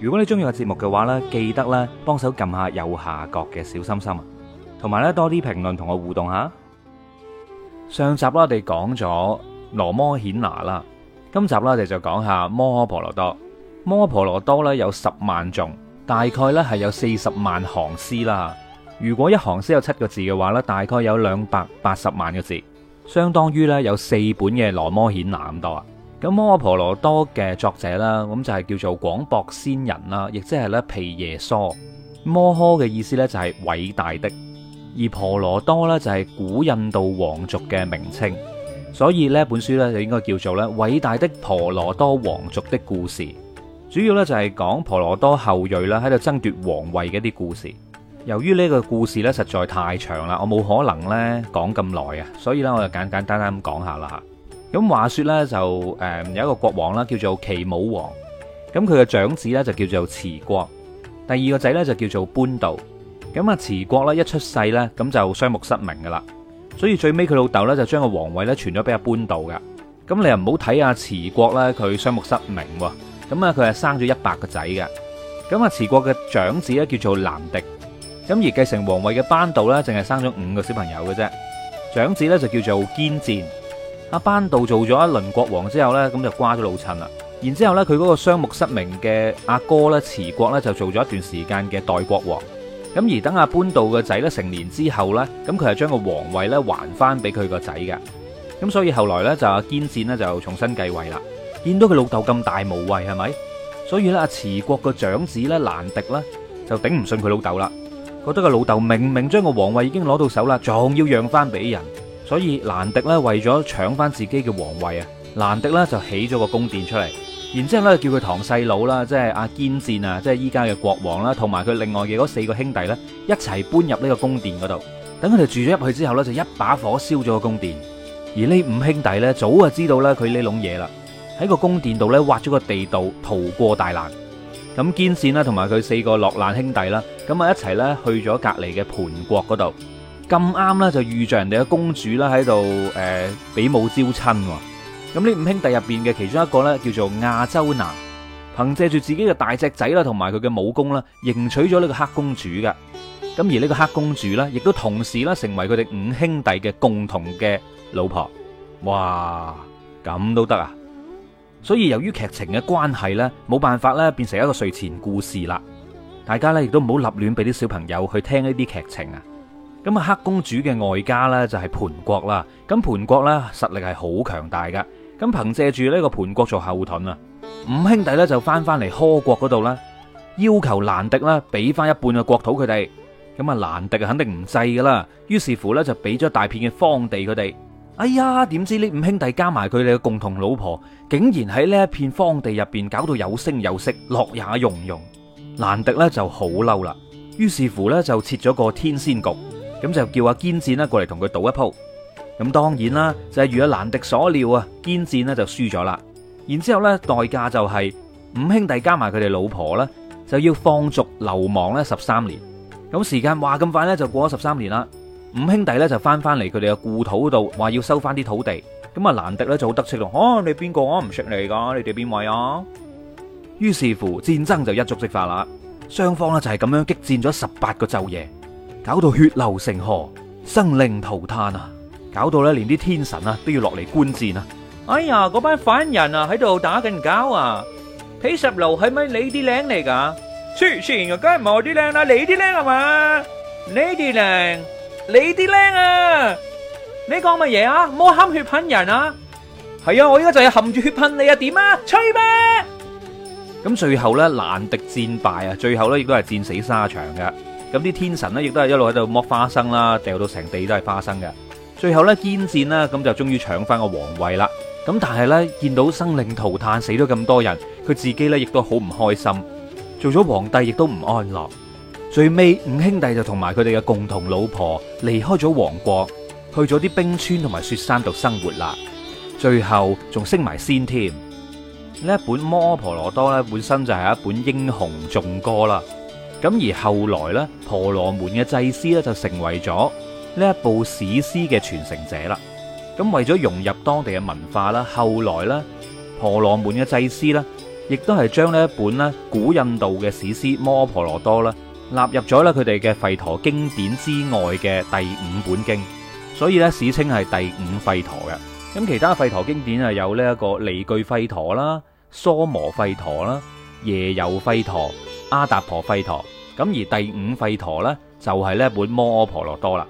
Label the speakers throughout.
Speaker 1: 如果你中意個節目嘅話咧，記得咧幫手撳下右下角嘅小心心，同埋咧多啲評論同我互動下。上集啦，我哋講咗羅摩顯拿啦，今集啦我哋就講下摩訶婆羅多。摩訶婆羅多咧有十萬頌，大概咧係有四十萬行詩啦。如果一行詩有七個字嘅話咧，大概有兩百八十萬個字，相當於咧有四本嘅羅摩顯拿咁多啊。咁《摩訶婆羅多》嘅作者啦，咁就係叫做廣博仙人啦，亦即係咧毗耶蘇。摩訶嘅意思呢，就係偉大的，而婆羅多呢，就係古印度王族嘅名稱。所以呢本書呢，就應該叫做咧偉大的婆羅多王族的故事。主要呢，就係講婆羅多後裔啦喺度爭奪王位嘅啲故事。由於呢個故事呢，實在太長啦，我冇可能呢講咁耐啊，所以呢，我就簡簡單單咁講下啦。咁話說咧，就誒有一個國王啦，叫做奇武王。咁佢嘅長子咧就叫做慈國，第二個仔咧就叫做班道。咁啊，慈國咧一出世咧，咁就雙目失明噶啦。所以最尾佢老豆咧就將個皇位咧傳咗俾阿班道噶。咁你又唔好睇阿慈國咧，佢雙目失明喎。咁啊，佢係生咗一百個仔嘅。咁啊，慈國嘅長子咧叫做南迪。咁而繼承皇位嘅班道咧，淨係生咗五個小朋友嘅啫。長子咧就叫做堅戰。阿班道做咗一輪國王之後呢，咁就瓜咗老襯啦。然之後咧，佢嗰個雙目失明嘅阿哥呢，持國呢，就做咗一段時間嘅代國王。咁而等阿班道嘅仔呢成年之後呢，咁佢係將個皇位呢還翻俾佢個仔嘅。咁所以後來呢，就阿堅戰呢，就重新繼位啦。見到佢老豆咁大無畏係咪？所以呢，阿持國個長子呢，難敵呢，就頂唔順佢老豆啦，覺得個老豆明明將個皇位已經攞到手啦，仲要讓翻俾人。所以蘭迪咧，為咗搶翻自己嘅皇位啊，蘭迪咧就起咗個宮殿出嚟，然之後咧叫佢堂細佬啦，即係阿堅戰啊，即係依家嘅國王啦，同埋佢另外嘅嗰四個兄弟咧一齊搬入呢個宮殿嗰度。等佢哋住咗入去之後咧，就一把火燒咗個宮殿。而呢五兄弟咧早就知道咧佢呢籠嘢啦，喺個宮殿度咧挖咗個地道逃過大難。咁堅戰啦同埋佢四個落難兄弟啦，咁啊一齊咧去咗隔籬嘅盤國嗰度。咁啱啦，就遇着人哋嘅公主啦，喺度誒比武招親。咁呢五兄弟入邊嘅其中一個呢，叫做亞洲男，憑借住自己嘅大隻仔啦，同埋佢嘅武功啦，迎娶咗呢個黑公主㗎。咁而呢個黑公主呢，亦都同時咧成為佢哋五兄弟嘅共同嘅老婆。哇！咁都得啊？所以由於劇情嘅關係呢，冇辦法咧變成一個睡前故事啦。大家呢，亦都唔好立亂俾啲小朋友去聽呢啲劇情啊！咁啊，黑公主嘅外家呢，就係盤國啦。咁盤國呢，實力係好強大噶。咁憑借住呢個盤國做後盾啊，五兄弟呢，就翻翻嚟柯國嗰度啦，要求蘭迪呢俾翻一半嘅國土佢哋。咁啊，蘭迪肯定唔制噶啦。於是乎呢，就俾咗大片嘅荒地佢哋。哎呀，點知呢五兄弟加埋佢哋嘅共同老婆，竟然喺呢一片荒地入邊搞到有聲有色，樂也融融。蘭迪呢，就好嬲啦，於是乎呢，就設咗個天仙局。.咁就叫阿堅戰啦過嚟同佢賭一鋪，咁當然啦就係、是、如阿蘭迪所料啊，堅戰就輸咗啦。然之後呢代價就係、是、五兄弟加埋佢哋老婆呢，就要放逐流亡呢十三年。咁時間話咁快呢，就過咗十三年啦，五兄弟呢，就翻翻嚟佢哋嘅故土度，話要收翻啲土地。咁阿蘭迪呢，就好得戚咯，哦、啊、你邊個、啊、我唔識你噶，你哋邊位啊？於是乎戰爭就一觸即發啦，雙方呢，就係咁樣激戰咗十八個晝夜。搞到血流成河，生靈塗炭啊！搞到咧，連啲天神啊都要落嚟觀戰啊！哎呀，嗰班反人啊喺度打緊交啊！睇十六係咪你啲靚嚟噶？梗係冇我啲靚啊，你啲靚啊嘛？你啲靚，你啲靚啊！你講乜嘢啊？冇含血噴人啊！係啊，我依家就係含住血噴你啊！點啊？吹咩？咁最後咧難敵戰敗啊，最後咧亦都係戰死沙場嘅。咁啲天神咧，亦都係一路喺度剝花生啦，掉到成地都係花生嘅。最後咧，堅戰啦，咁就終於搶翻個皇位啦。咁但係咧，見到生靈塗炭，死咗咁多人，佢自己咧亦都好唔開心。做咗皇帝亦都唔安樂。最尾五兄弟就同埋佢哋嘅共同老婆離開咗王國，去咗啲冰川同埋雪山度生活啦。最後仲升埋仙添。呢一本《摩訶婆羅多》咧，本身就係一本英雄頌歌啦。咁而後來咧，婆羅門嘅祭司咧就成為咗呢一部史詩嘅傳承者啦。咁為咗融入當地嘅文化啦，後來咧，婆羅門嘅祭司咧，亦都係將呢一本咧古印度嘅史詩《摩婆羅多》啦，納入咗咧佢哋嘅吠陀經典之外嘅第五本經。所以咧，史稱係第五吠陀嘅。咁其他吠陀經典啊，有呢一個梨俱吠陀啦、娑摩吠陀啦、夜柔吠陀。阿達婆吠陀，咁而第五吠陀呢就係呢本摩訶婆羅多啦，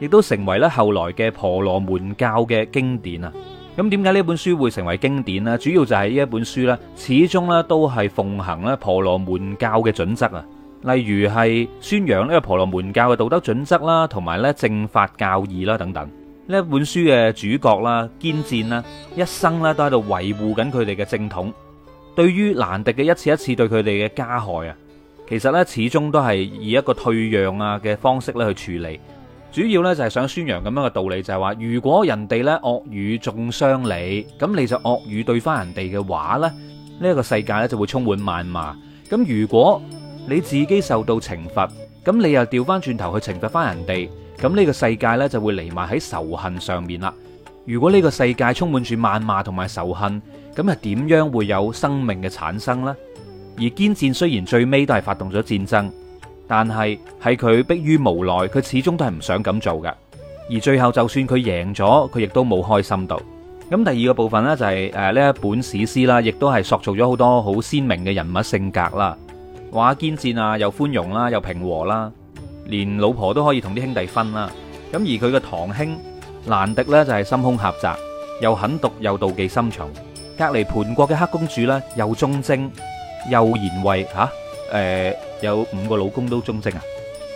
Speaker 1: 亦都成為咧後來嘅婆羅門教嘅經典啊。咁點解呢一本書會成為經典呢？主要就係呢一本書呢始終咧都係奉行咧婆羅門教嘅準則啊，例如係宣揚呢個婆羅門教嘅道德準則啦，同埋咧正法教義啦等等。呢一本書嘅主角啦、堅戰啦，一生咧都喺度維護緊佢哋嘅正統。對於難迪嘅一次一次對佢哋嘅加害啊，其實咧始終都係以一個退讓啊嘅方式咧去處理，主要呢，就係想宣揚咁樣嘅道理，就係、是、話如果人哋咧惡語中傷你，咁你就惡語對翻人哋嘅話咧，呢、這、一個世界咧就會充滿謾罵。咁如果你自己受到懲罰，咁你又調翻轉頭去懲罰翻人哋，咁呢個世界呢，就會嚟埋喺仇恨上面啦。如果呢個世界充滿住謾罵同埋仇恨。咁又點樣會有生命嘅產生咧？而堅戰雖然最尾都係發動咗戰爭，但係係佢逼於無奈，佢始終都係唔想咁做噶。而最後就算佢贏咗，佢亦都冇開心到。咁第二個部分咧就係誒呢一本史詩啦，亦都係塑造咗好多好鮮明嘅人物性格啦。話堅戰啊，又寬容啦，又平和啦，連老婆都可以同啲兄弟分啦。咁而佢嘅堂兄難敵咧就係心胸狹窄，又狠毒又妒忌心重。隔籬盤國嘅黑公主咧，又忠貞又賢惠吓，誒，有五個老公都忠貞啊，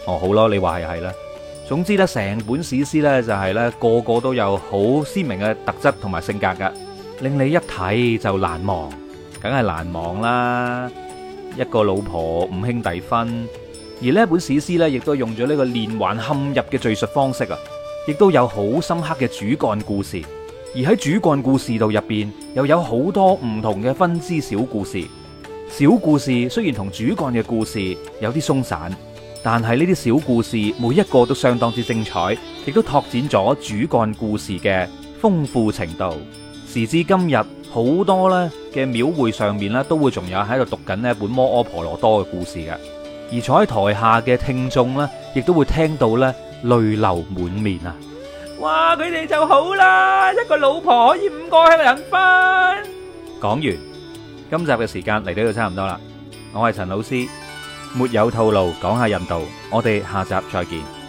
Speaker 1: 哦好咯，你話係係啦。總之咧，成本史詩咧就係咧個個都有好鮮明嘅特質同埋性格噶令你一睇就難忘，梗係難忘啦。一個老婆五兄弟分，而呢一本史詩咧，亦都用咗呢個連環嵌入嘅敘述方式啊，亦都有好深刻嘅主幹故事。而喺主幹故事度入邊，又有好多唔同嘅分支小故事。小故事雖然同主幹嘅故事有啲鬆散，但係呢啲小故事每一個都相當之精彩，亦都拓展咗主幹故事嘅豐富程度。時至今日，好多呢嘅廟會上面都會仲有喺度讀緊呢本《摩訶婆羅多》嘅故事嘅，而坐喺台下嘅聽眾呢，亦都會聽到呢淚流滿面啊！哇！佢哋就好啦，一個老婆可以五個喺度分。講完，今集嘅時間嚟到呢度差唔多啦。我係陳老師，沒有套路，講下印度。我哋下集再見。